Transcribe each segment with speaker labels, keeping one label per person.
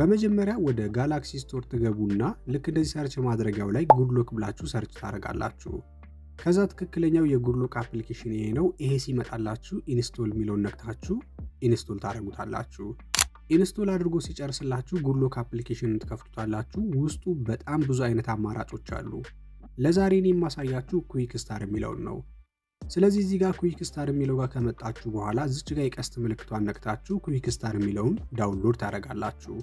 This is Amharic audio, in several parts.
Speaker 1: በመጀመሪያ ወደ ጋላክሲ ስቶር ትገቡና ልክ እንደዚህ ሰርች ማድረጊያው ላይ ጉድሎክ ብላችሁ ሰርች ታደርጋላችሁ። ከዛ ትክክለኛው የጉድሎክ አፕሊኬሽን ይሄ ነው። ይሄ ሲመጣላችሁ ኢንስቶል የሚለውን ነክታችሁ ኢንስቶል ታደርጉታላችሁ። ኢንስቶል አድርጎ ሲጨርስላችሁ ጉድሎክ አፕሊኬሽንን ትከፍቱታላችሁ። ውስጡ በጣም ብዙ አይነት አማራጮች አሉ። ለዛሬ እኔ የማሳያችሁ ኩዊክ ስታር የሚለውን ነው። ስለዚህ እዚህ ጋር ኩዊክ ስታር የሚለው ጋር ከመጣችሁ በኋላ ዝች ጋር የቀስት ምልክቷን ነክታችሁ ኩዊክ ስታር የሚለውን ዳውንሎድ ታደርጋላችሁ።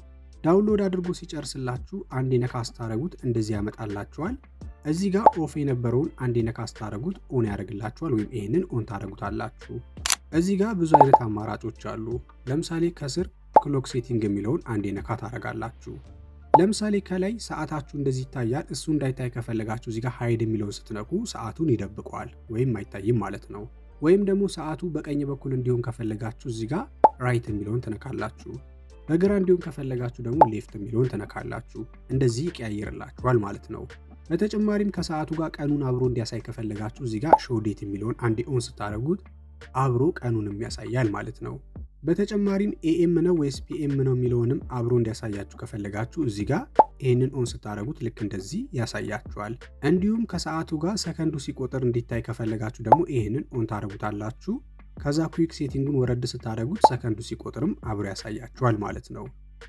Speaker 1: ዳውንሎድ አድርጎ ሲጨርስላችሁ አንዴ ነካ ስታደረጉት እንደዚህ ያመጣላችኋል። እዚህ ጋር ኦፍ የነበረውን አንዴ ነካ ስታደረጉት ኦን ያደርግላችኋል፣ ወይም ይህንን ኦን ታደረጉታላችሁ። እዚህ ጋር ብዙ አይነት አማራጮች አሉ። ለምሳሌ ከስር ክሎክ ሴቲንግ የሚለውን አንዴ ነካ ታደረጋላችሁ። ለምሳሌ ከላይ ሰዓታችሁ እንደዚህ ይታያል። እሱ እንዳይታይ ከፈለጋችሁ እዚህ ጋር ሀይድ የሚለውን ስትነኩ ሰዓቱን ይደብቀዋል ወይም አይታይም ማለት ነው። ወይም ደግሞ ሰዓቱ በቀኝ በኩል እንዲሆን ከፈለጋችሁ እዚህ ጋር ራይት የሚለውን ትነካላችሁ። በግራ እንዲሁም ከፈለጋችሁ ደግሞ ሌፍት የሚለውን ትነካላችሁ። እንደዚህ ይቀያይርላችኋል ማለት ነው። በተጨማሪም ከሰዓቱ ጋር ቀኑን አብሮ እንዲያሳይ ከፈለጋችሁ እዚህ ጋር ሾው የሚለውን አንዴ ኦን ስታደርጉት አብሮ ቀኑንም ያሳያል ማለት ነው። በተጨማሪም ኤኤም ነው ወይስ ፒኤም ነው የሚለውንም አብሮ እንዲያሳያችሁ ከፈለጋችሁ እዚህ ጋር ይህንን ኦን ስታደርጉት ልክ እንደዚህ ያሳያችኋል። እንዲሁም ከሰዓቱ ጋር ሰከንዱ ሲቆጥር እንዲታይ ከፈለጋችሁ ደግሞ ይህንን ኦን ታደርጉታላችሁ። ከዛ ኩዊክ ሴቲንጉን ወረድ ስታደረጉት ሰከንዱ ሲቆጥርም አብሮ ያሳያችኋል ማለት ነው።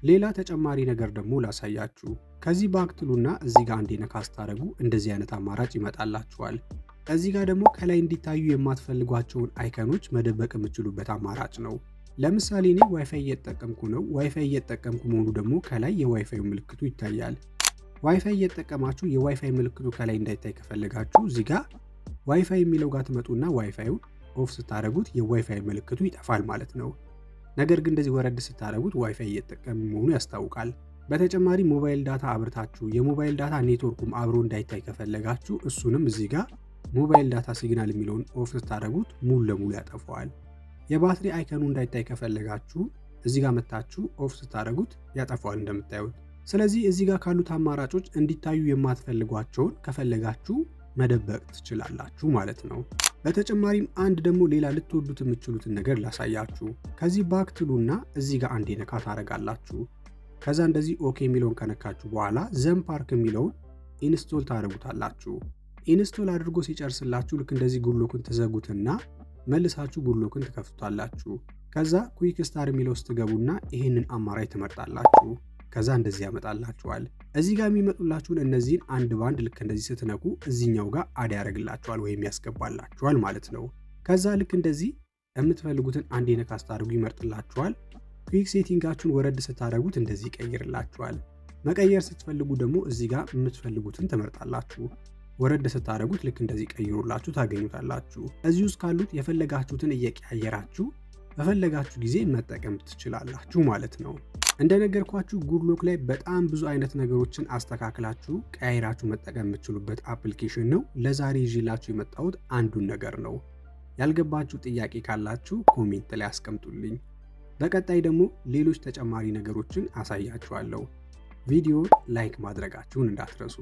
Speaker 1: ሌላ ተጨማሪ ነገር ደግሞ ላሳያችሁ። ከዚህ ባክትሉና እዚህ ጋር አንዴ ነካ ስታደርጉ እንደዚህ አይነት አማራጭ ይመጣላችኋል። እዚህ ጋር ደግሞ ከላይ እንዲታዩ የማትፈልጓቸውን አይከኖች መደበቅ የምችሉበት አማራጭ ነው። ለምሳሌ እኔ ዋይፋይ እየተጠቀምኩ ነው። ዋይፋይ እየተጠቀምኩ መሆኑ ደግሞ ከላይ የዋይፋይ ምልክቱ ይታያል። ዋይፋይ እየተጠቀማችሁ የዋይፋይ ምልክቱ ከላይ እንዳይታይ ከፈለጋችሁ እዚህ ጋር ዋይፋይ የሚለው ጋር ትመጡና ዋይፋዩን ኦፍ ስታደረጉት የዋይፋይ ምልክቱ ይጠፋል ማለት ነው። ነገር ግን እንደዚህ ወረድ ስታደረጉት ዋይፋይ እየተጠቀሙ መሆኑ ያስታውቃል። በተጨማሪ ሞባይል ዳታ አብርታችሁ የሞባይል ዳታ ኔትወርኩም አብሮ እንዳይታይ ከፈለጋችሁ እሱንም እዚህ ጋር ሞባይል ዳታ ሲግናል የሚለውን ኦፍ ስታደረጉት ሙሉ ለሙሉ ያጠፈዋል። የባትሪ አይከኑ እንዳይታይ ከፈለጋችሁ እዚህ ጋር መታችሁ ኦፍ ስታደረጉት ያጠፈዋል እንደምታዩት። ስለዚህ እዚህ ጋር ካሉት አማራጮች እንዲታዩ የማትፈልጓቸውን ከፈለጋችሁ መደበቅ ትችላላችሁ ማለት ነው። በተጨማሪም አንድ ደግሞ ሌላ ልትወዱት የምችሉትን ነገር ላሳያችሁ። ከዚህ ባክ ትሉና እዚህ ጋር አንዴ ነካ ታደርጋላችሁ። ከዛ እንደዚህ ኦኬ የሚለውን ከነካችሁ በኋላ ዘም ፓርክ የሚለውን ኢንስቶል ታደርጉታላችሁ። ኢንስቶል አድርጎ ሲጨርስላችሁ ልክ እንደዚህ ጉሎክን ትዘጉትና መልሳችሁ ጉሎክን ትከፍቱታላችሁ። ከዛ ኩዊክ ስታር የሚለው ስትገቡና ይህንን አማራጭ ትመርጣላችሁ። ከዛ እንደዚህ ያመጣላችኋል። እዚህ ጋር የሚመጡላችሁን እነዚህን አንድ ባንድ ልክ እንደዚህ ስትነኩ እዚኛው ጋር አድ ያደርግላችኋል ወይም ያስገባላችኋል ማለት ነው። ከዛ ልክ እንደዚህ የምትፈልጉትን አንድ ነካ ስታደርጉ ይመርጥላችኋል። ኩዊክ ሴቲንጋችሁን ወረድ ስታደርጉት እንደዚህ ይቀይርላችኋል። መቀየር ስትፈልጉ ደግሞ እዚህ ጋር የምትፈልጉትን ትመርጣላችሁ። ወረድ ስታደርጉት ልክ እንደዚህ ቀይሩላችሁ ታገኙታላችሁ። እዚህ ውስጥ ካሉት የፈለጋችሁትን እየቀያየራችሁ በፈለጋችሁ ጊዜ መጠቀም ትችላላችሁ ማለት ነው። እንደነገርኳችሁ ጉድሎክ ላይ በጣም ብዙ አይነት ነገሮችን አስተካክላችሁ ቀያይራችሁ መጠቀም የምትችሉበት አፕሊኬሽን ነው። ለዛሬ ይዤላችሁ የመጣሁት አንዱን ነገር ነው። ያልገባችሁ ጥያቄ ካላችሁ ኮሜንት ላይ አስቀምጡልኝ። በቀጣይ ደግሞ ሌሎች ተጨማሪ ነገሮችን አሳያችኋለሁ። ቪዲዮ ላይክ ማድረጋችሁን እንዳትረሱ።